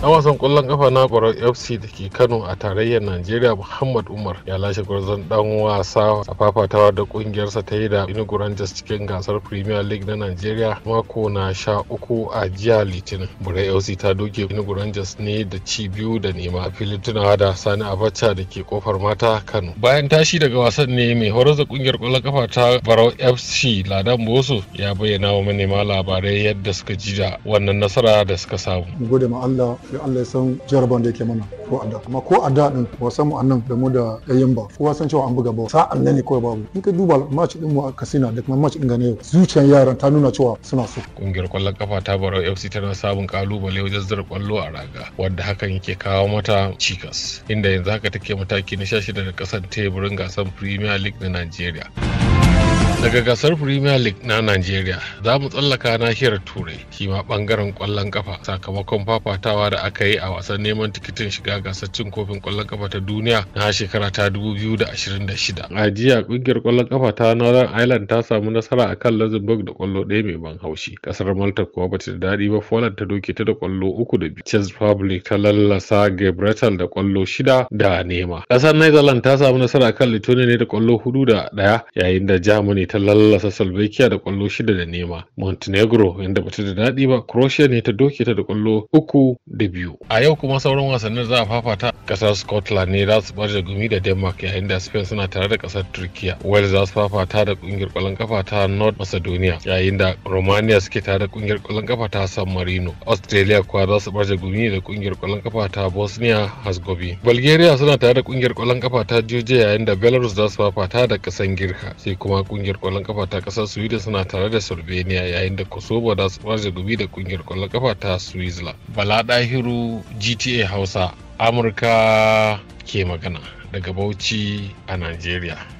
dan wasan ƙwallon kafa na kwarar fc da ke kano a tarayyar najeriya muhammad umar ya lashe gwarzon dan wasa a fafatawa da kungiyarsa ta yi da inugu cikin gasar premier league na najeriya mako na sha uku a jiya litinin bura fc ta doke inugu ne da ci biyu da nema a filin tunawa da sani abacha da ke kofar mata kano bayan tashi daga wasan ne mai horar da kungiyar kwallon kafa ta barau fc ladan boso ya bayyana wa manema labarai yadda suka ji da wannan nasara da suka samu sai Allah ya san jaraban da yake mana ko a da amma ko a da din ba san mu annan da mu da yayin ba ko san cewa an buga ba sa'an nan ne kawai babu in ka duba match din mu a kasina da kuma match din Gane zuciyar yaran ta nuna cewa suna so kungiyar kwallon kafa ta Barau FC na sabon kalubale wajen zura kwallo a raga wanda hakan yake kawo mata cikas inda yanzu haka take mataki na 16 da kasan teburin gasar Premier League na Najeriya. daga gasar premier league na nigeria za mu tsallaka nahiyar turai shi ma bangaren kwallon kafa sakamakon fafatawa da aka yi a wasan neman tikitin shiga gasar cin kofin kwallon kafa ta duniya na shekara ta 2026 a jiya kungiyar kwallon kafa ta northern ireland ta samu nasara a kan luxembourg da kwallo ɗaya mai ban haushi kasar malta kuwa ba ta daɗi ba poland ta doke ta da kwallo uku da biyu chess public ta lallasa gabriel da kwallo shida da nema kasar netherlands ta samu nasara a kan lithuania ne da kwallo hudu da ɗaya yayin da germany ta lallasa Slovakia da kwallo shida da nema. Montenegro inda bata da daɗi ba Croatia ne ta doke ta da kwallo uku da biyu. A yau kuma sauran wasannin za a fafata kasar Scotland ne za su bar da gumi da Denmark yayin da Spain suna tare da kasar Turkiya. Wales za su fafata da kungiyar kwallon kafa ta North Macedonia yayin da Romania suke tare da kungiyar kwallon kafa ta San Marino. Australia kuwa za su bar da gumi da kungiyar kwallon kafa ta Bosnia Herzegovina. Bulgaria suna tare da kungiyar kwallon kafa ta Georgia yayin da Belarus za su fafata da kasar Girka. Sai kuma kungiyar kwallon kafa ta kasar sweden suna tare da slovenia yayin da kosovo da su farce gumi da kungiyar kwallon kafa ta swizla bala dahiru gta hausa amurka ke magana daga bauchi a nigeria